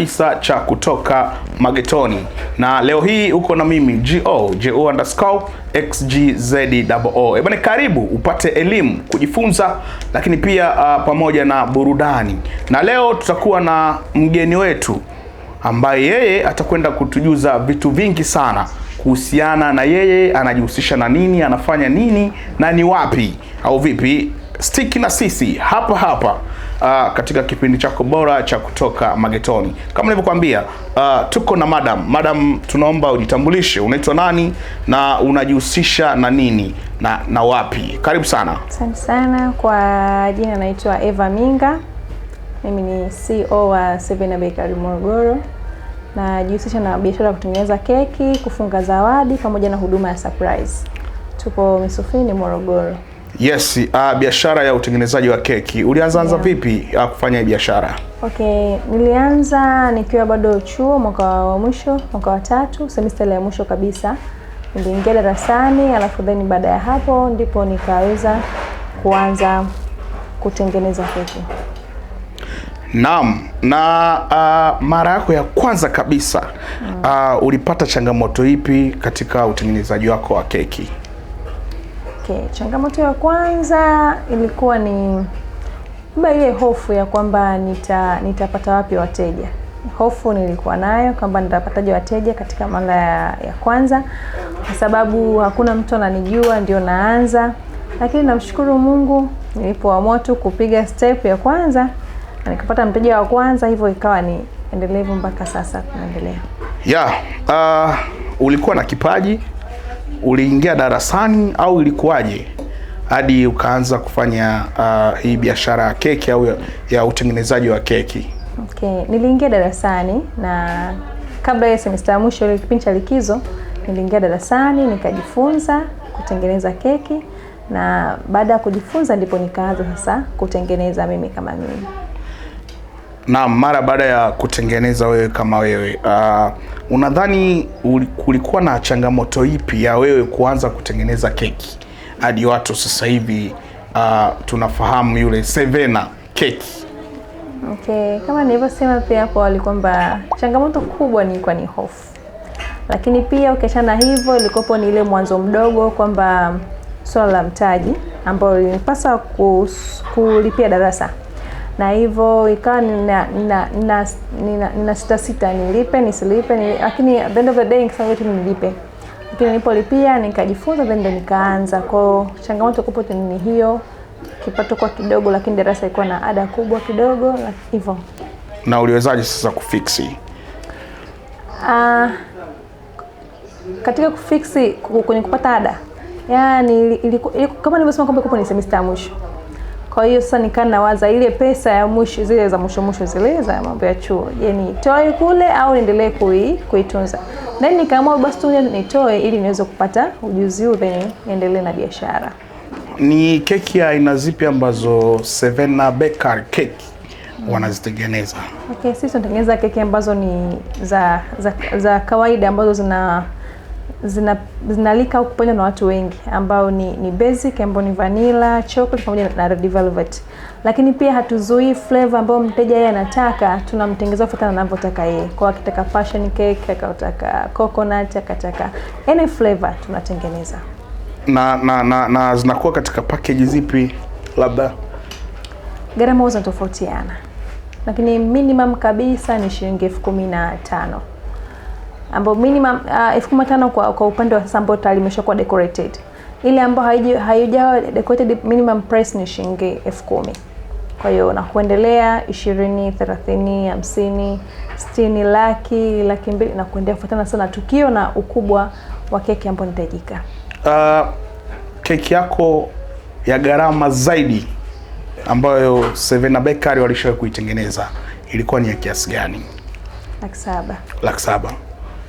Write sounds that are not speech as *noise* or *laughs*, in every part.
kabisa cha kutoka magetoni, na leo hii uko na mimi Go Ju underscore xgzoo. Ebane, karibu upate elimu kujifunza, lakini pia uh, pamoja na burudani, na leo tutakuwa na mgeni wetu ambaye yeye atakwenda kutujuza vitu vingi sana kuhusiana na yeye anajihusisha na nini, anafanya nini na ni wapi au vipi. Stiki na sisi hapa hapa uh, katika kipindi chako bora cha kutoka magetoni. Kama nilivyokuambia, uh, tuko na madam. Madam, tunaomba ujitambulishe, unaitwa nani na unajihusisha na nini na, na wapi? Karibu sana. Asante sana kwa jina, naitwa Eva Minga, mimi ni CEO wa Seven Bakery Morogoro. Najihusisha na biashara ya kutengeneza keki, kufunga zawadi pamoja na huduma ya surprise. Tupo Misufini Morogoro. Yes, uh, biashara ya utengenezaji wa keki ulianzaanza yeah, vipi uh, kufanya biashara? Okay, nilianza nikiwa bado chuo mwaka wa mwisho, mwaka wa tatu, semester ya mwisho kabisa. Niliingia darasani, alafu then baada ya hapo ndipo nikaweza kuanza kutengeneza keki. Naam, na uh, mara yako ya kwanza kabisa mm, uh, ulipata changamoto ipi katika utengenezaji wako wa keki? Okay, changamoto ya kwanza ilikuwa ni labda ile hofu ya kwamba nita nitapata wapi wateja. Hofu nilikuwa nayo kwamba nitapataje wateja katika mara ya, ya kwanza, kwa sababu hakuna mtu ananijua, ndio naanza. Lakini namshukuru Mungu, nilipoamua tu kupiga step ya kwanza nikapata mteja wa kwanza, hivyo ikawa ni endelevu mpaka sasa tunaendelea. Yeah, uh, ulikuwa na kipaji uliingia darasani au ilikuwaje hadi ukaanza kufanya uh, hii biashara ya keki au ya, utengenezaji wa keki? Okay, niliingia darasani na kabla ya semesta ya mwisho, ile kipindi cha likizo, niliingia darasani nikajifunza kutengeneza keki, na baada ya kujifunza ndipo nikaanza sasa kutengeneza mimi kama mimi na mara baada ya kutengeneza wewe kama wewe, uh, unadhani kulikuwa na changamoto ipi ya wewe kuanza kutengeneza keki hadi watu sasa hivi uh, tunafahamu yule Sevena keki? Okay, kama nilivyosema pia hapo awali kwamba changamoto kubwa nilikuwa ni hofu, lakini pia ukiachana hivyo, ilikopo ni ile mwanzo mdogo kwamba swala la mtaji ambayo ilinipasa kulipia darasa na hivyo ikawa nina, nina, nina, nina, nina sita sita nilipe nisilipe nil... lakini at the end of the day nikisema tu nilipe, lakini nilipolipia nikajifunza, then ndo nikaanza. Kwa changamoto kubwa ni hiyo, kipato kwa kidogo, lakini darasa ilikuwa na ada kubwa kidogo hivyo. Na uliwezaje sasa kufiksi? Uh, katika kufiksi kwenye kupata ada, yani kama nilivyosema kwamba ni semester ya mwisho kwa hiyo sasa nikaa nawaza ile pesa ya mwisho, zile za mwisho mwisho zile za mambo ya chuo, je, nitoe kule au niendelee kui, kuitunza? Then nikaamua basi tu nitoe ili niweze kupata ujuzi huu, then niendelee na biashara. Ni keki ya aina zipi ambazo Sevena Bakery Cake wanazitengeneza? Okay, sisi tunatengeneza keki ambazo ni za, za, za kawaida ambazo zina zinalika au kupendwa na watu wengi ambao ni, ni basic ambao ni vanilla, chocolate pamoja na red velvet. Lakini pia hatuzuii flavor ambayo mteja yeye anataka, tunamtengenezea kufuatana na anavyotaka yeye. Kwa akitaka passion cake, akataka coconut, akataka any flavor tunatengeneza. Na, na, na, na zinakuwa katika package zipi? Labda gharama zinatofautiana, lakini minimum kabisa ni shilingi elfu kumi na tano ambao minimum uh, elfu kumi na tano kwa, kwa upande wa sasa ambao tayari imeshakuwa decorated. Ile ambayo haiji haijawa decorated minimum price ni shilingi elfu kumi. Kwa hiyo na kuendelea 20, 30, 50, 60, laki, laki mbili na kuendelea kufuatana sana tukio na ukubwa wa keki ambayo inahitajika. Uh, keki yako ya gharama zaidi ambayo Sevena Bakery walishawahi kuitengeneza ilikuwa ni ya kiasi gani? Laki saba. Laki saba.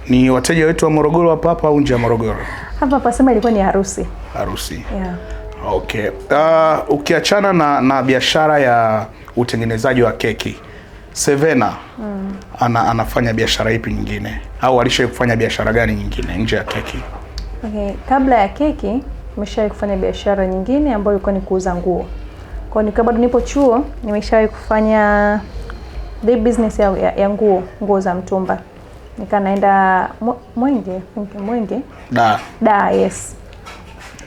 Ni wateja wetu wa Morogoro hapa hapa au nje ya Morogoro? Hapa hapa, sema ilikuwa ni harusi. Harusi. Yeah. Okay. Uh, ukiachana na, na biashara ya utengenezaji wa keki Sevena mm. ana, anafanya biashara ipi nyingine au alishawahi kufanya biashara gani nyingine nje ya keki? Okay. Kabla ya keki nimeshawahi kufanya biashara nyingine ambayo ilikuwa ni kuuza nguo. Kwa hiyo bado nipo chuo nimeshawahi kufanya the business ya, ya, ya nguo nguo za mtumba nikanaenda Mwenge, Mwenge da da, yes,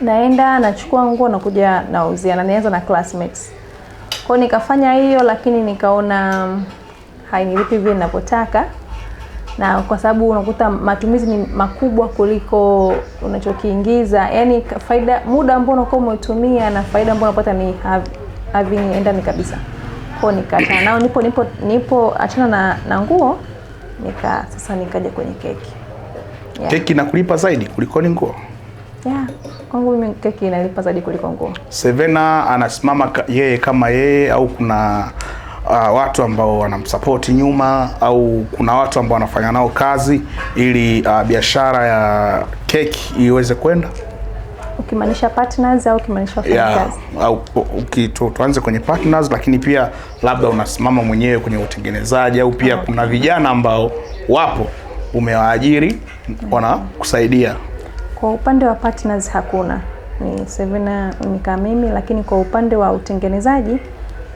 naenda nachukua nguo nakuja nauzia, na nianza na classmates kwao. Nikafanya hiyo, lakini nikaona mm, hainilipi vile ninavyotaka, na kwa sababu unakuta matumizi ni makubwa kuliko unachokiingiza, yani faida, muda ambao unakuwa umetumia na faida ambayo unapata ni haviendani kabisa. Kwao nikaachana nao, nipo nipo nipo achana na, na nguo nika sasa nikaja kwenye keki yeah. Keki inakulipa zaidi kuliko ni nguo yeah. Kwangu mimi keki inalipa zaidi kuliko nguo. Sevena anasimama yeye kama yeye au kuna uh, watu ambao wanamsapoti nyuma au kuna watu ambao wanafanya nao kazi ili uh, biashara ya keki iweze kwenda? ukimaanisha partners au ukimaanisha wafanyakazi? Yeah, au tuanze kwenye partners, lakini pia labda unasimama mwenyewe kwenye utengenezaji au pia ah, okay. Kuna vijana ambao wapo umewaajiri wanakusaidia kusaidia Kwa upande wa partners hakuna, ni Sevena nika mimi, lakini kwa upande wa utengenezaji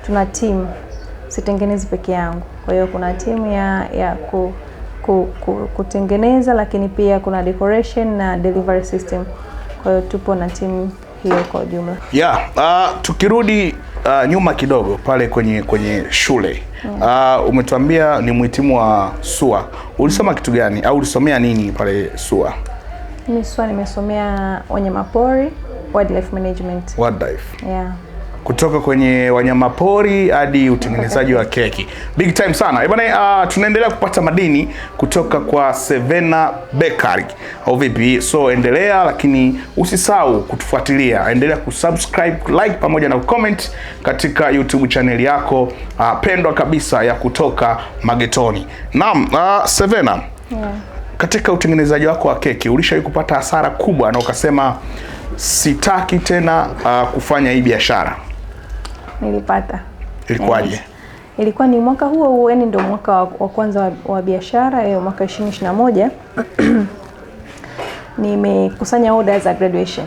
tuna timu, sitengenezi peke yangu. Kwa hiyo kuna timu ya, ya ku, ku, ku, kutengeneza, lakini pia kuna decoration na delivery system. Kwa hiyo tupo na timu hiyo kwa ujumla. Yeah, uh, tukirudi uh, nyuma kidogo pale kwenye kwenye shule mm. uh, umetuambia ni mhitimu wa SUA. Ulisoma kitu gani au ulisomea nini pale SUA? Mimi SUA nimesomea wanyamapori, wildlife management. Wildlife. Yeah kutoka kwenye wanyamapori hadi utengenezaji wa keki. Big time sana. bwana uh, ah, tunaendelea kupata madini kutoka kwa Sevena Bakery. Au vipi? So endelea lakini usisahau kutufuatilia. Endelea kusubscribe, like pamoja na comment katika YouTube channel yako uh, pendwa kabisa ya kutoka Magetoni. Naam, uh, Sevena. Yeah. Katika utengenezaji wako wa keki ulishawahi kupata hasara kubwa na ukasema sitaki tena uh, kufanya hii biashara? nilipata. Ilikuwaje? Eh, ilikuwa ni mwaka huo huo, yani ndio mwaka wa, kwanza wa, biashara hiyo, eh, mwaka 2021 *clears throat* nimekusanya order za graduation.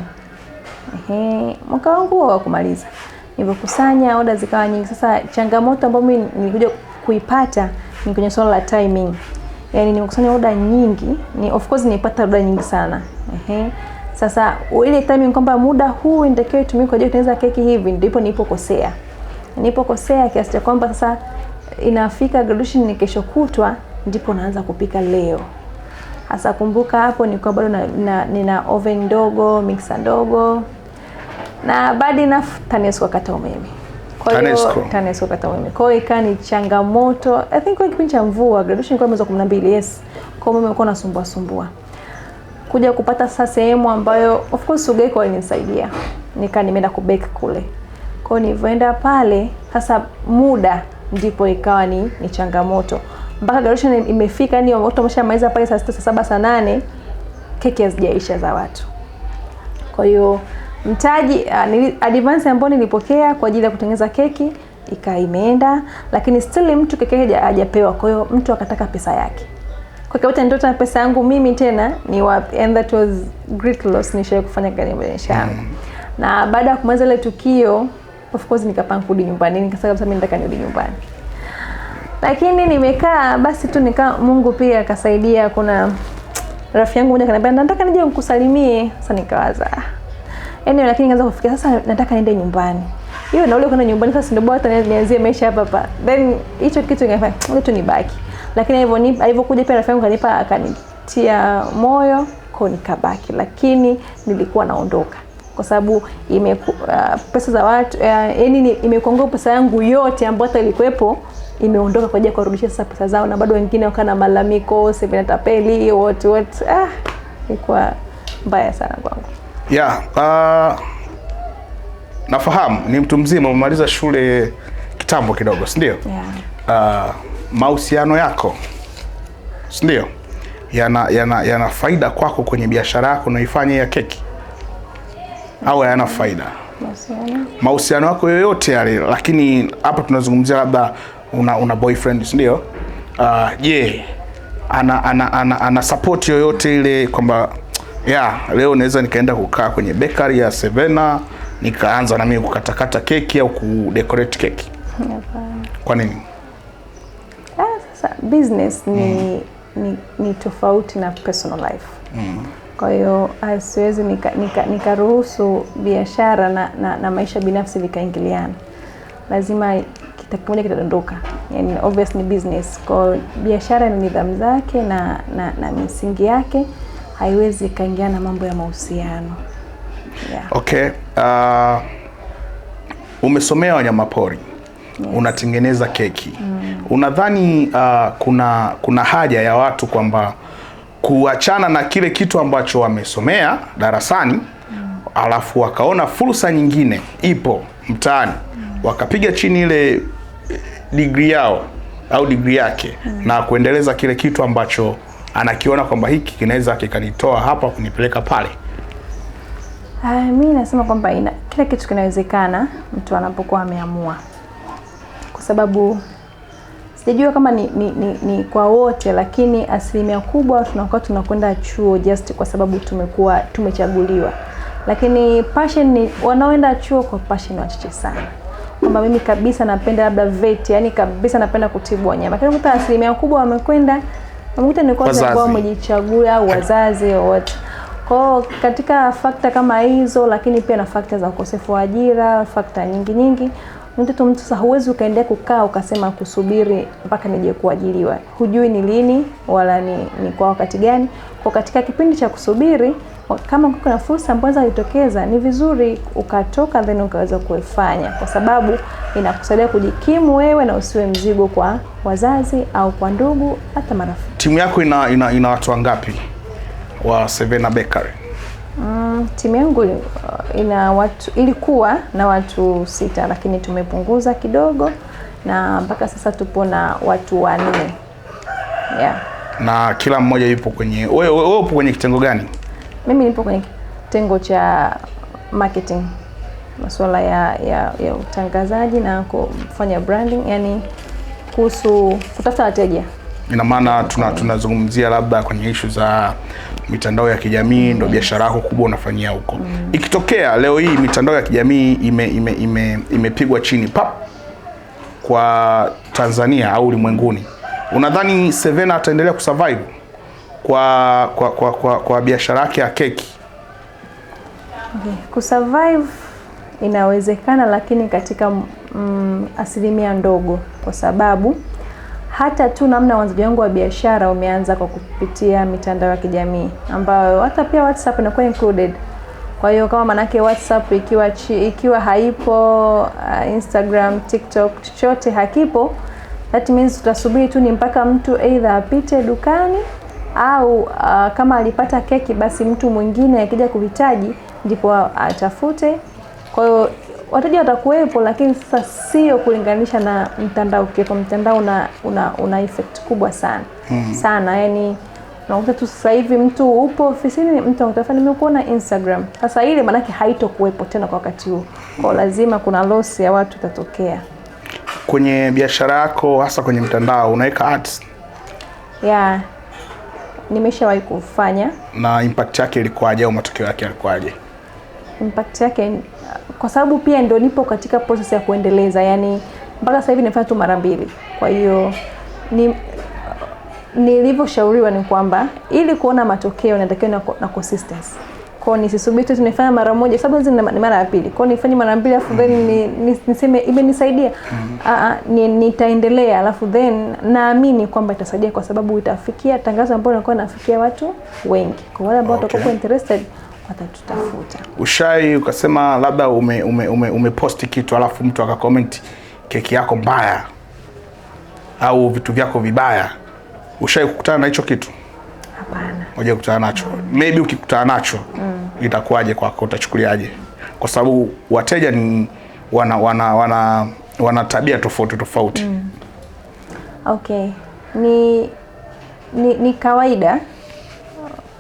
Ehe, mwaka wangu huo wa kumaliza nilivyokusanya oda zikawa nyingi. Sasa changamoto ambayo mimi nilikuja kuipata ni kwenye swala la timing, yani nimekusanya oda nyingi ni, of course nilipata oda nyingi sana ehe sasa ile timing kwamba muda huu inatakiwa itumike kwa ajili kutengeneza keki hivi, ndipo nilipokosea. Nilipokosea kiasi cha kwamba sasa inafika graduation ni kesho kutwa, ndipo naanza kupika leo. Hasa kumbuka hapo nilikuwa bado na, na, nina oven ndogo, mixer ndogo na bado na TANESCO kata umeme. Kwa hiyo TANESCO, kata umeme. Kwa hiyo ikawa ni changamoto. I think kwa kipindi cha mvua graduation ilikuwa mwezi wa 12, yes. Kwa hiyo mimi nilikuwa nasumbua sumbua kuja kupata sasa sehemu ambayo of course Ugeko alinisaidia, nika nimeenda kubeki kule kwao. Nilivyoenda pale sasa, muda ndipo ikawa ni, ni changamoto mpaka garusha imefika, ni watu wameshamaliza pale saa sita, saa saba, saa nane, keki hazijaisha za watu. Kwa hiyo mtaji ah, advance ambayo nilipokea kwa ajili ya kutengeneza keki ikaa imeenda, lakini still mtu keki hajapewa. Kwa hiyo mtu akataka pesa yake kwa kapata ndoto na pesa yangu mimi tena ni wapi, and that was great loss nishawahi kufanya katika maisha yangu mm. na baada ya kumaliza ile tukio of course nikapanga kurudi nyumbani, nikasema kabisa mimi nataka nirudi nyumbani, lakini nimekaa basi tu nika Mungu pia akasaidia. Kuna rafiki yangu mmoja kaniambia nataka nije nikusalimie. Sasa nikawaza yaani, lakini nikaanza kufikiria sasa, nataka niende nyumbani hiyo na ule kwenda nyumbani, sasa ndio bora nianzie maisha hapa hapa, then hicho kitu ule tu nibaki lakini alivyokuja pia rafiki yangu kanipa akanitia moyo kwa nikabaki, lakini nilikuwa naondoka kwa sababu ime uh, pesa za watu uh, yani imekongoa pesa yangu yote ambayo hata ilikuwepo imeondoka kwa ajili ya kurudisha sasa pesa zao, na bado wengine wakaa na malalamiko sevenatapeli wote wote. ah, ilikuwa mbaya sana kwangu. Yeah, uh, nafahamu ni mtu mzima umemaliza shule kitambo kidogo, si ndio? Yeah. Uh, mahusiano yako si ndio yana, yana, yana faida kwako kwenye biashara yako unaoifanya ya keki au hayana faida? Mahusiano yako yoyote yale, lakini hapa tunazungumzia labda una, una boyfriend si ndio? Ah, je, uh, yeah. ana, ana, ana, ana support yoyote ile kwamba yeah, leo naweza nikaenda kukaa kwenye bakery ya Sevena nikaanza na mimi kukatakata keki au kudecorate keki? Kwa nini? sasa business ni, mm. ni, ni tofauti na personal life mm. Kwa hiyo ah, siwezi nikaruhusu nika, nika biashara na, na, na maisha binafsi vikaingiliana, lazima kita kimoja kitadondoka. Yani obvious ni business, kwa biashara ni nidhamu zake na, na, na misingi yake, haiwezi ikaingiana na mambo ya mahusiano yeah. Okay, uh, umesomea wanyamapori yes. unatengeneza keki mm. Unadhani uh, kuna kuna haja ya watu kwamba kuachana na kile kitu ambacho wamesomea darasani mm. alafu wakaona fursa nyingine ipo mtaani mm. wakapiga chini ile eh, digri yao au digri yake mm. na kuendeleza kile kitu ambacho anakiona kwamba hiki kinaweza kikanitoa hapa kunipeleka pale. Uh, ah, mi nasema kwamba kila kitu kinawezekana mtu anapokuwa ameamua sababu sijajua kama ni, ni, ni, ni kwa wote, lakini asilimia kubwa tunakuwa tunakwenda chuo just kwa sababu tumekuwa tumechaguliwa, lakini passion ni wanaoenda chuo kwa passion wachache sana, kwamba mimi kabisa napenda labda vet, yani kabisa napenda kutibu wanyama, lakini kuta asilimia kubwa wamekwenda amekuta ni kwa umejichagua au wazazi au wote kwa katika fakta kama hizo, lakini pia na fakta za ukosefu wa ajira, fakta nyingi nyingi mtoto mtu sasa, huwezi ukaendea kukaa ukasema kusubiri mpaka nije kuajiliwa. Hujui ni lini wala ni, ni kwa wakati gani. Kwa katika kipindi cha kusubiri, kama kuna fursa ambazo zitokeza, ni vizuri ukatoka, then ukaweza kuifanya, kwa sababu inakusaidia kujikimu wewe na usiwe mzigo kwa wazazi au kwa ndugu, hata marafiki. Timu yako ina ina, ina watu wangapi wa Sevena Bakery? Mm, timu yangu uh, ina watu ilikuwa na watu sita, lakini tumepunguza kidogo na mpaka sasa tupo na watu wanne. Yeah. Na kila mmoja yupo kwenye, wewe wewe upo kwenye kitengo gani? Mimi nipo kwenye kitengo cha marketing, masuala ya, ya, ya utangazaji na kufanya branding, yani kuhusu kutafuta wateja. Ina maana tunazungumzia tuna labda kwenye ishu za mitandao ya kijamii ndo mm. biashara yako kubwa unafanyia huko. Mm. Ikitokea leo hii mitandao ya kijamii imepigwa ime, ime, ime chini pap kwa Tanzania au ulimwenguni, unadhani Sevena ataendelea kusurvive kwa kwa, kwa, kwa, kwa biashara yake ya keki? Okay. Kusurvive inawezekana, lakini katika mm, asilimia ndogo kwa sababu hata tu namna uanzaji wangu wa biashara umeanza kwa kupitia mitandao ya kijamii ambayo hata pia WhatsApp inakuwa included. Kwa hiyo kama manake WhatsApp ikiwa chi, ikiwa haipo uh, Instagram, TikTok chochote hakipo, that means tutasubiri tu ni mpaka mtu either apite dukani au uh, kama alipata keki basi mtu mwingine akija kuhitaji ndipo atafute. Kwa hiyo wateja watakuwepo, lakini sasa sio kulinganisha na mtandao. Ukiwepo mtandao una, una, una effect kubwa sana mm. sana yani unakuta tu sasa hivi mtu upo ofisini, mtu anakutafuta, nimekuona Instagram. Sasa ile maanake haitokuwepo tena kwa wakati huo, kwa lazima kuna loss ya watu itatokea. Kwenye biashara yako, hasa kwenye mtandao, unaweka ads? Yeah, nimeshawahi kufanya. Na impact yake ilikuwaje au matokeo yake yalikuwaje? Impact yake kwa sababu pia ndo nipo katika process ya kuendeleza, yani mpaka sasa hivi nimefanya tu mara mbili. Kwa hiyo ni nilivyoshauriwa ni kwamba ili kuona matokeo natakiwa na, na consistency kwao, nisisubiri tu nimefanya mara moja, sababu hizi ni mara ya pili kwao, nifanye mara mbili alafu then ni, ni, niseme imenisaidia. mm -hmm. Ni, nitaendelea alafu then naamini kwamba itasaidia, kwa sababu itafikia tangazo ambalo nakuwa nafikia watu wengi, kwa wale ambao watakuwa interested watatutafuta. Ushai ukasema labda ume, ume, ume, umeposti kitu alafu mtu akakomenti keki yako mbaya au vitu vyako vibaya, ushai kukutana na hicho kitu? Hapana, moja kukutana nacho mm. Maybe ukikutana nacho mm. itakuwaje kwako, utachukuliaje? Kwa sababu wateja ni wana wana wana, wana tabia tofauti tofauti mm. Okay, ni ni, ni kawaida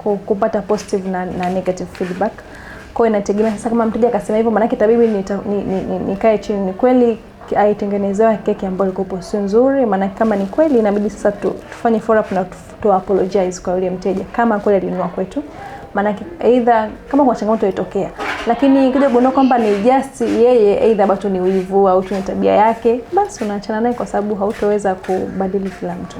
kupata positive na, na negative feedback. Kwa inategemea sasa, kama mteja akasema hivyo, maanake tabibi nikae ni, ni, ni chini, ni kweli aitengenezewa keki ambayo ilikuwa sio nzuri. Maanake kama ni kweli, inabidi sasa tu, tufanye follow up na tu apologize kwa yule mteja, kama kweli alinunua kwetu, maanake either kama kuna changamoto ilitokea, lakini kija kugundua kwamba ni just yeye, either bado ni wivu au tu ni tabia yake, basi unaachana naye, kwa sababu hautoweza kubadili kila mtu.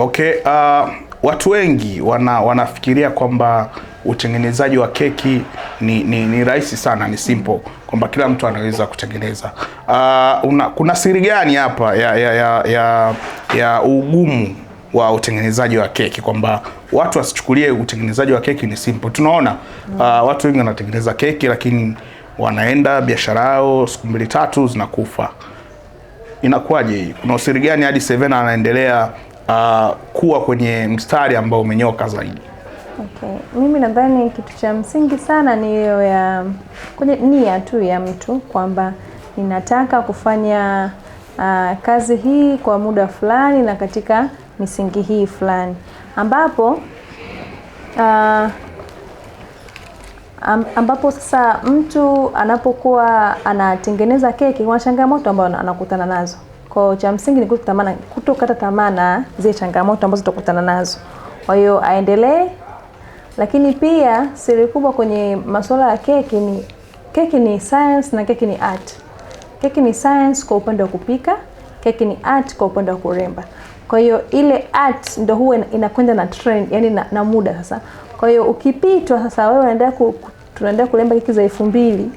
Okay, uh, Watu wengi wana, wanafikiria kwamba utengenezaji wa keki ni, ni, ni rahisi sana, ni simple kwamba kila mtu anaweza kutengeneza. Uh, una, kuna siri gani hapa ya, ya, ya, ya, ya ugumu wa utengenezaji wa keki kwamba watu wasichukulie utengenezaji wa keki ni simple. Tunaona uh, watu wengi wanatengeneza keki lakini wanaenda biashara yao siku mbili tatu zinakufa. Inakuwaje hii? Kuna usiri gani hadi Sevena anaendelea uh, kuwa kwenye mstari ambao umenyoka zaidi? Okay. Mimi nadhani kitu cha msingi sana ni hiyo ya kwenye nia tu ya mtu kwamba ninataka kufanya uh, kazi hii kwa muda fulani na katika misingi hii fulani ambapo uh, ambapo sasa mtu anapokuwa anatengeneza keki kuna changamoto ambayo anakutana nazo. Kwa cha msingi ni kutokata tamaa na zile changamoto ambazo tutakutana nazo, kwa hiyo aendelee. Lakini pia siri kubwa kwenye masuala ya keki ni keki ni science na keki ni art. Keki ni science kwa upande wa kupika, keki ni art kwa upande wa kuremba. Kwa hiyo ile art ndio huwa inakwenda na trend, yani na, na muda sasa. Kwa hiyo ukipitwa sasa, wewe unaenda ku, tunaenda kuremba keki za elfu mbili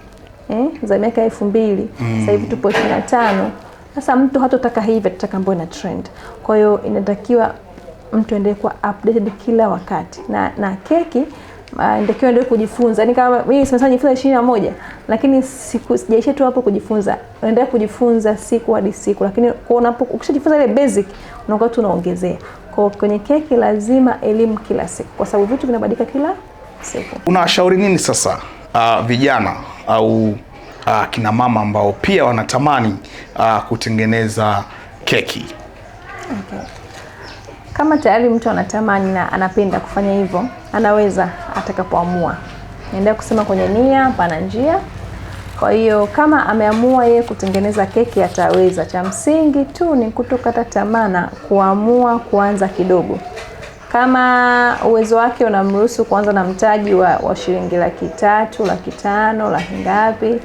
eh, za miaka elfu mbili mm. Sasa hivi tupo ishirini na tano sasa mtu hatotaka hii atataka ambayo ina trend. Kwa hiyo inatakiwa mtu endelee kuwa updated kila wakati na, na keki uh, natakiwa endelee kujifunza. Yaani kama mimi sasa nijifunza 21, lakini siku sijaisha tu hapo kujifunza, endelea kujifunza siku hadi siku, lakini kwa unapo ukishajifunza ile basic unakuwa tu unaongezea. Kwa kwenye keki lazima elimu kila siku, kwa sababu vitu vinabadilika kila siku. Unawashauri nini sasa uh, vijana au uh, kina mama ambao pia wanatamani uh, kutengeneza keki. Okay. Kama tayari mtu anatamani na anapenda kufanya hivyo, anaweza atakapoamua. Naendelea kusema kwenye nia pana njia. Kwa hiyo kama ameamua yeye kutengeneza keki ataweza. Cha msingi tu ni kutokata tamaa na kuamua kuanza kidogo. Kama uwezo wake unamruhusu kuanza na mtaji wa, wa shilingi laki tatu, laki tano, laki ngapi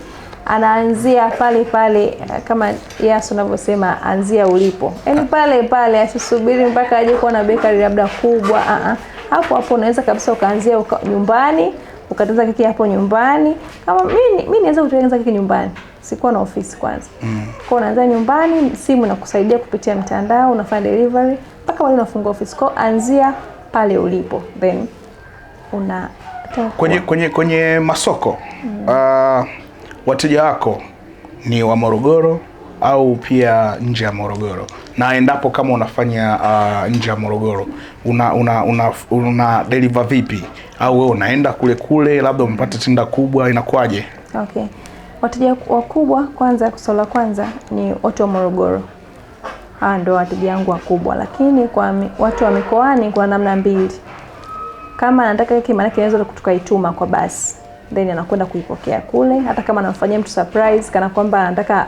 anaanzia pale pale, eh, kama Yasu unavyosema, anzia ulipo, yaani pale pale, asisubiri mpaka aje kuwa na bakery labda kubwa. Aha. Ah. hapo hapo unaweza kabisa ukaanzia uka, nyumbani ukatengeneza keki hapo nyumbani. Kama mimi mimi naweza kutengeneza keki nyumbani, sikuwa na ofisi kwanza. Mm. Kwa unaanza nyumbani, simu inakusaidia kupitia mtandao, unafanya delivery mpaka wale unafungua ofisi. Kwa anzia pale ulipo then una kwenye kwenye kwenye masoko mm. uh, wateja wako ni wa Morogoro au pia nje ya Morogoro, na endapo kama unafanya uh, nje ya Morogoro una, una, una, una deliver vipi, au wewe unaenda kule kule, labda umepata tenda kubwa, inakuwaje? Okay, wateja wakubwa kwanza, swali la kwanza ni watu wa Morogoro, Haa, ndio wateja wangu wakubwa, lakini kwa watu wa mikoani kwa namna mbili, kama nataka hiki, maana kinaweza kutukaituma kwa basi then anakwenda kuipokea kule, hata kama anamfanyia mtu surprise, kana kwamba anataka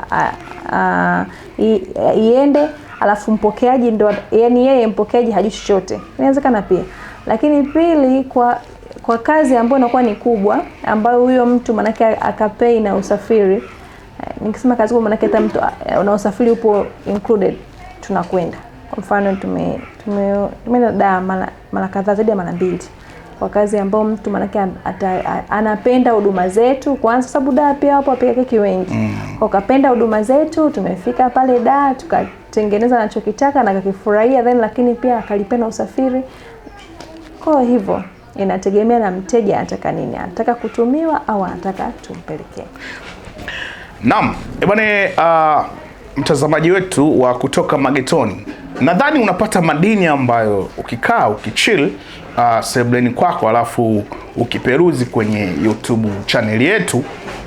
iende, alafu mpokeaji ndo, yani yeye mpokeaji hajui chochote, inawezekana pia. Lakini pili, kwa kwa kazi ambayo inakuwa ni kubwa, ambayo huyo mtu manake akapei na usafiri, eh, nikisema kazi kubwa manake hata mtu eh, na usafiri upo included, tunakwenda kwa mfano tume tumeenda tume, tume, mara mara kadhaa zaidi ya mara mbili kwa kazi ambao mtu manake anapenda huduma zetu kwanza, sababu da pia wapo wapiga keki wengi mm. Ukapenda huduma zetu, tumefika pale daa tukatengeneza anachokitaka na kakifurahia then, lakini pia akalipenda usafiri. Kwa hivyo inategemea na mteja anataka nini, anataka kutumiwa au anataka tumpelekee. Naam, eh bwana uh, mtazamaji wetu wa kutoka Magetoni, nadhani unapata madini ambayo ukikaa ukichill uh, sebleni kwako, alafu ukiperuzi kwenye YouTube channel yetu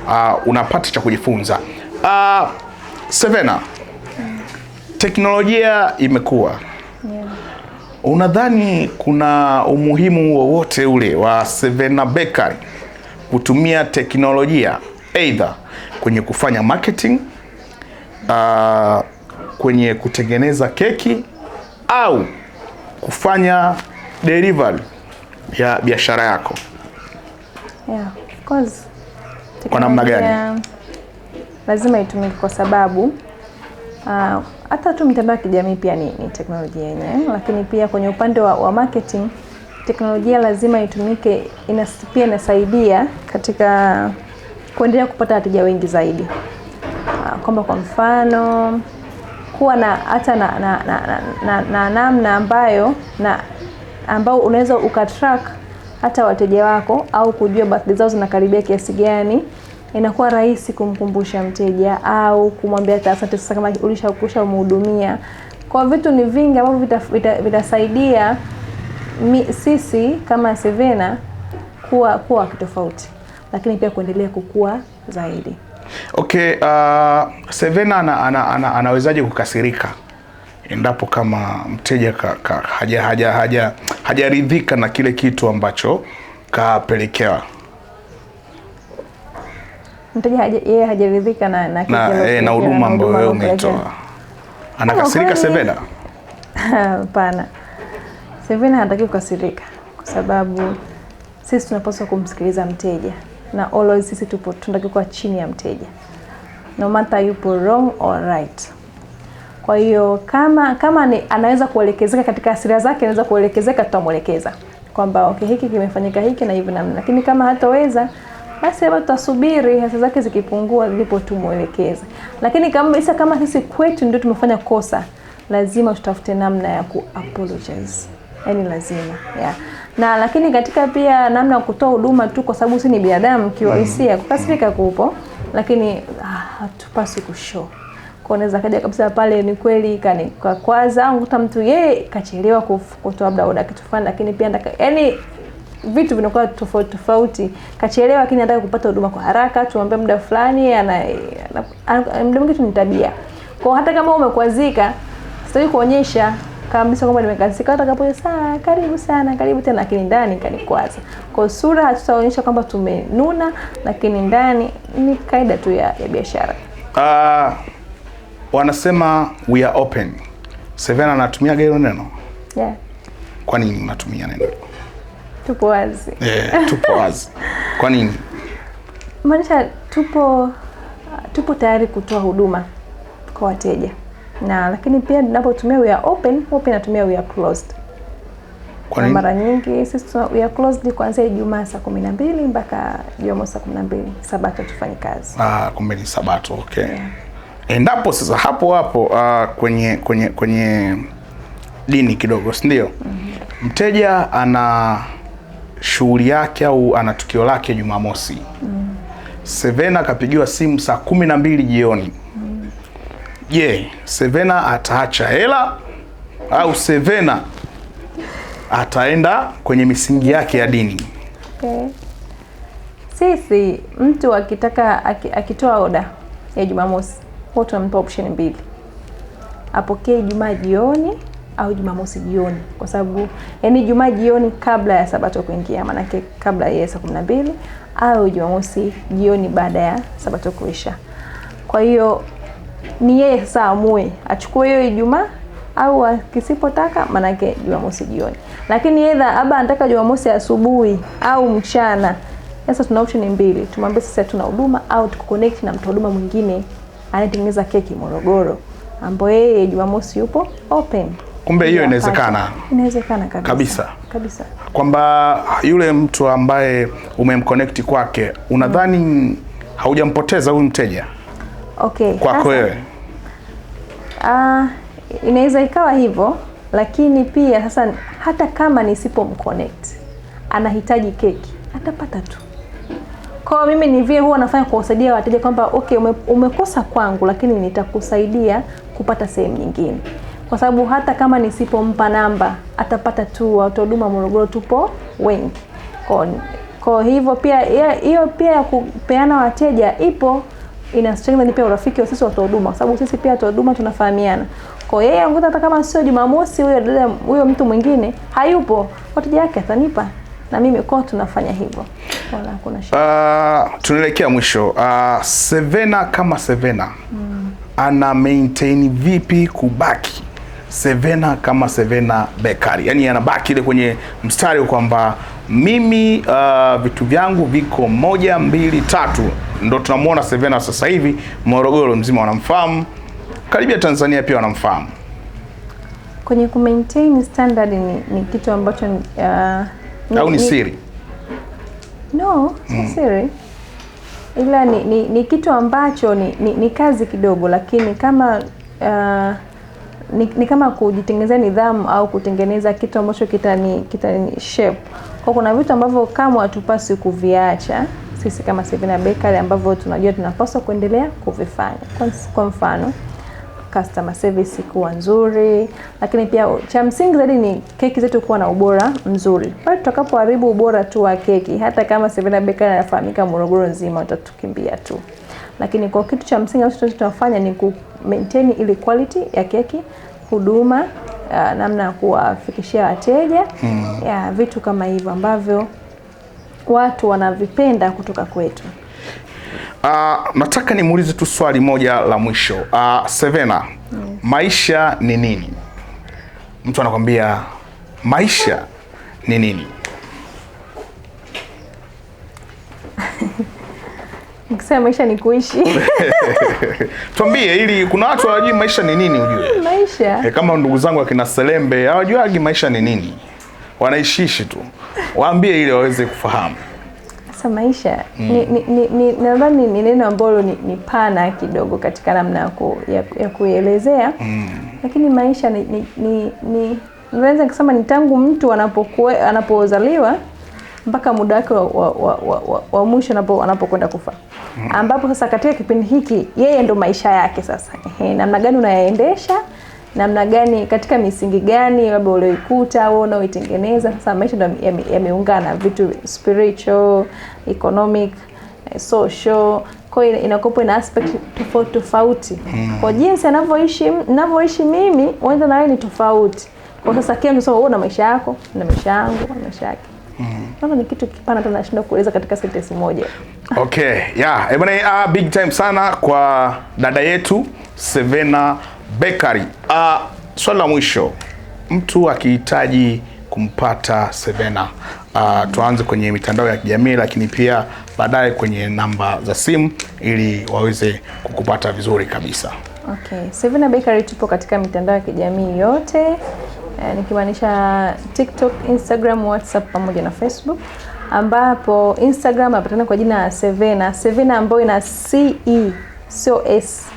uh, unapata cha kujifunza. Uh, Sevena, teknolojia imekuwa yeah. Unadhani kuna umuhimu wowote ule wa Sevena Bakery kutumia teknolojia either kwenye kufanya marketing uh, kwenye kutengeneza keki au kufanya delivery ya biashara yako? Yeah, of course. Kwa namna gani? Lazima itumike kwa sababu uh, hata uh, tu mtandao wa kijamii pia ni, ni teknolojia yenyewe, lakini pia kwenye upande wa, wa marketing teknolojia lazima itumike, pia inasaidia katika kuendelea kupata wateja wengi zaidi, uh, kwamba kwa mfano kuwa na hata na, na, na, na, na, na namna ambayo na ambao unaweza ukatrack hata wateja wako au kujua birthday zao zinakaribia kiasi gani. Inakuwa rahisi kumkumbusha mteja au kumwambia asante, sasa kama ulishakusha umhudumia. Kwa vitu ni vingi ambavyo vitasaidia vita, vita sisi kama Sevena kuwa kuwa kitofauti, lakini pia kuendelea kukua zaidi. Okay, uh, Sevena ana, ana, ana, anawezaje kukasirika? endapo kama mteja hajaridhika haja, haja, haja na kile kitu ambacho kapelekewa mteja yeye hajaridhika na na kile eh, na huduma ambayo wewe umetoa, anakasirika Sevena? *laughs* Hapana, Sevena hataki kukasirika, kwa sababu sisi tunapaswa kumsikiliza mteja na always sisi tupo kuwa chini ya mteja, no matter yupo wrong or right kwa hiyo kama kama ni, anaweza kuelekezeka katika asira zake, anaweza kuelekezeka, tutamwelekeza kwamba okay, hiki kimefanyika hiki na hivi namna, lakini kama hataweza basi labda tutasubiri hasa zake zikipungua, ndipo tumuelekeze. Lakini kama isa kama sisi kwetu ndio tumefanya kosa, lazima tutafute namna ya ku apologize, yaani lazima yeah. Na lakini katika pia namna ya kutoa huduma tu, kwa sababu si ni binadamu, kiwahisia kukasirika kupo, lakini ah, hatupaswi ah, kushow naweza kaja kabisa pale, ni kweli kani kwa kwanza nguta mtu yeye kachelewa kutoa labda oda kitu fulani, lakini pia ndaka, yani vitu vinakuwa tofauti tofauti. Kachelewa lakini anataka kupata huduma kwa haraka, tuambie muda fulani, ana muda mwingi tu ni tabia kwao. Hata kama umekwazika, sitaki kuonyesha kabisa kwamba nimekazika, hata kapo sana, karibu sana karibu tena, lakini ndani kanikwaza. Kwa sura hatutaonyesha kwamba tumenuna, lakini ndani ni kaida tu ya, ya biashara ah wanasema we are open. Seven anatumia hilo neno yeah. Kwa nini unatumia neno tupo wazi? Yeah, tupo wazi kwa nini? Maanisha tupo tupo tayari kutoa huduma kwa wateja na lakini pia tunapotumia we are open, huwa pia natumia we are closed. Kwa nini? Mara nyingi sisi we are closed kuanzia Ijumaa saa kumi na mbili mpaka Jumamosi saa kumi na mbili Sabato tufanye kazi. Ah, kumbe ni Sabato okay. Yeah. Endapo sasa hapo hapo uh, kwenye kwenye kwenye dini kidogo, si ndio? mm -hmm. Mteja ana shughuli yake au ana tukio lake Jumamosi. mm Sevena akapigiwa simu saa kumi na mbili jioni. mm yeah, Je, Sevena ataacha hela au Sevena ataenda kwenye misingi yake ya dini? okay. Sisi mtu akitaka akitoa oda ya Jumamosi kwa tunampa option mbili, apokee Ijumaa jioni au Jumamosi jioni, kwa sababu yani Ijumaa jioni kabla ya Sabato kuingia, maanake kabla ya saa kumi na mbili au Jumamosi jioni baada ya Sabato kuisha. Kwa hiyo ni yeye sasa amue achukue hiyo Ijumaa au akisipotaka maanake Jumamosi jioni, lakini either aba anataka Jumamosi asubuhi au mchana. Sasa tuna option mbili, tumwambie sisi tuna huduma au tukuconnect na mtu huduma mwingine anatengeneza keki Morogoro, ambapo yeye Jumamosi yupo open. Kumbe hiyo inawezekana, inawezekana kabisa, kabisa, kabisa, kwamba yule mtu ambaye umemconnect kwake unadhani mm. haujampoteza huyu mteja okay, kwako wewe? Uh, inaweza ikawa hivyo, lakini pia sasa hata kama nisipomconnect, anahitaji keki atapata tu kwa mimi ni vile huwa nafanya kuwasaidia wateja kwamba okay, ume, umekosa kwangu, lakini nitakusaidia kupata sehemu nyingine, kwa sababu hata kama nisipompa namba atapata tu watu huduma Morogoro tupo wengi. Kwa hivyo pia hiyo pia ya kupeana wateja ipo ina strengthen pia urafiki wa sisi watoa huduma, kwa sababu sisi pia watoa huduma tunafahamiana. Kwa yeye anguta hata kama sio Jumamosi, huyo dada huyo mtu mwingine hayupo, wateja wake atanipa na mimi kwa tunafanya hivyo. Uh, tunaelekea mwisho. Uh, Sevena kama Sevena mm. ana maintain vipi kubaki Sevena kama Sevena Bekari, yaani anabaki ile kwenye mstari kwamba mimi uh, vitu vyangu viko moja mbili tatu. Ndo tunamwona Sevena sasa hivi Morogoro mzima wanamfahamu, karibia Tanzania pia wanamfahamu. Kwenye maintain standard ni, ni kitu ambacho uh, au ni siri? No, si hmm. siri ila ni, ni, ni kitu ambacho ni, ni, ni kazi kidogo, lakini kama uh, ni, ni kama kujitengenezea nidhamu au kutengeneza kitu ambacho kitani kitani shape kwa, kuna vitu ambavyo kama watupasi kuviacha sisi kama Sevena Bakery ambavyo tunajua tunapaswa kuendelea kuvifanya. Kwa mfano customer service kuwa nzuri, lakini pia cha msingi zaidi ni keki zetu kuwa na ubora mzuri. Pale tutakapoharibu ubora tu wa keki, hata kama Sevena Bakery inafahamika Morogoro nzima, utatukimbia tu. Lakini kwa kitu cha msingi ambacho tunafanya ni ku maintain ile quality ya keki, huduma, namna ya kuwafikishia wateja mm. ya vitu kama hivyo ambavyo watu wanavipenda kutoka kwetu. Uh, nataka nimuulize tu swali moja la mwisho. Uh, Sevena, mm. maisha ni nini? Mtu anakwambia maisha ni nini? *laughs* Nikisema maisha ni kuishi. *laughs* Tuambie ili kuna watu hawajui maisha ni nini ujue. *laughs* Maisha. E, kama ndugu zangu akina Selembe hawajuagi maisha ni nini. Wanaishishi tu. Waambie ili waweze kufahamu sasa maisha mm. Ni, ni, ni, nadhani ni neno ambalo ni, ni pana kidogo katika namna ku, ya, ya kuelezea mm. Lakini maisha ni, ni, ni, ni naweza nikasema ni tangu mtu anapozaliwa mpaka muda wake wa, wa, wa, wa, wa, wa mwisho anapokwenda kufa mm. Ambapo sasa katika kipindi hiki yeye ndo maisha yake sasa, namna gani unayaendesha namna gani, katika misingi gani labda ulioikuta au unaoitengeneza. Sasa maisha ndo yameungana, yame vitu spiritual, economic, eh, social kwa hiyo inakopo ina aspect tofauti tofauti mm. Kwa jinsi anavyoishi ninavyoishi mimi wenza na wewe ni tofauti. Kwa sasa kile msema wewe una maisha yako na maisha yangu na maisha yake mm. Ni kitu kipana tena nashindwa kueleza katika sentence moja. Okay, yeah. Ebana, uh, big time sana kwa dada yetu Sevena Bakari. Uh, swali la mwisho, mtu akihitaji kumpata Sevena uh, tuanze kwenye mitandao ya kijamii lakini pia baadaye kwenye namba za simu ili waweze kukupata vizuri kabisa. Okay. Sevena Bakery tupo katika mitandao ya kijamii yote e, nikimaanisha TikTok, Instagram, WhatsApp pamoja na Facebook ambapo Instagram inapatikana kwa jina ya Sevena, Sevena ambayo ina ce sio s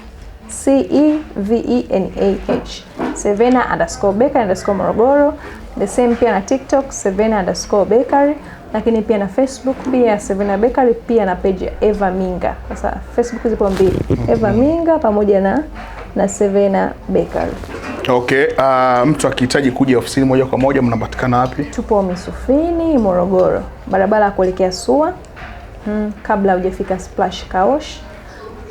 C-E-V-E-N-A-H Sevena underscore bakery underscore Morogoro. The same pia na TikTok Sevena underscore bakery, lakini pia na Facebook pia Sevena bakery, pia na page ya Eva Minga. Sasa Facebook zipo mbili, Eva mhm. Minga pamoja na na Sevena bakery. Okay, uh, mtu akihitaji kuja ofisini moja kwa moja mnapatikana wapi? Tupo Misufini Morogoro, barabara ya kuelekea SUA. Hmm, kabla hujafika Splash Kaosh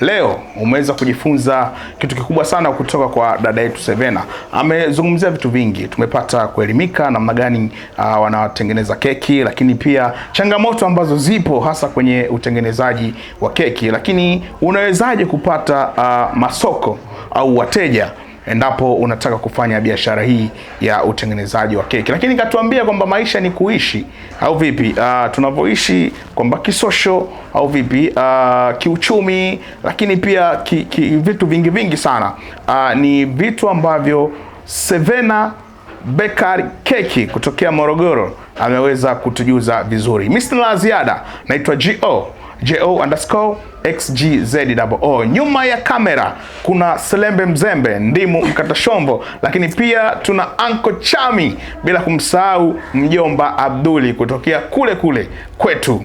Leo umeweza kujifunza kitu kikubwa sana kutoka kwa dada yetu Sevena. Amezungumzia vitu vingi, tumepata kuelimika namna gani uh, wanatengeneza keki, lakini pia changamoto ambazo zipo hasa kwenye utengenezaji wa keki, lakini unawezaje kupata uh, masoko au wateja endapo unataka kufanya biashara hii ya utengenezaji wa keki. Lakini katuambia kwamba maisha ni kuishi au vipi? Uh, tunavyoishi kwamba kisosho au vipi? Uh, kiuchumi, lakini pia ki, ki, vitu vingi vingi sana uh, ni vitu ambavyo Sevena Bakery Keki kutokea Morogoro ameweza kutujuza vizuri. Mimi sina la ziada, naitwa G.O jo underscore xgzoo. Nyuma ya kamera kuna Selembe Mzembe, Ndimu Mkata Shombo, lakini pia tuna Anko Chami, bila kumsahau mjomba Abduli kutokea kule kule kwetu.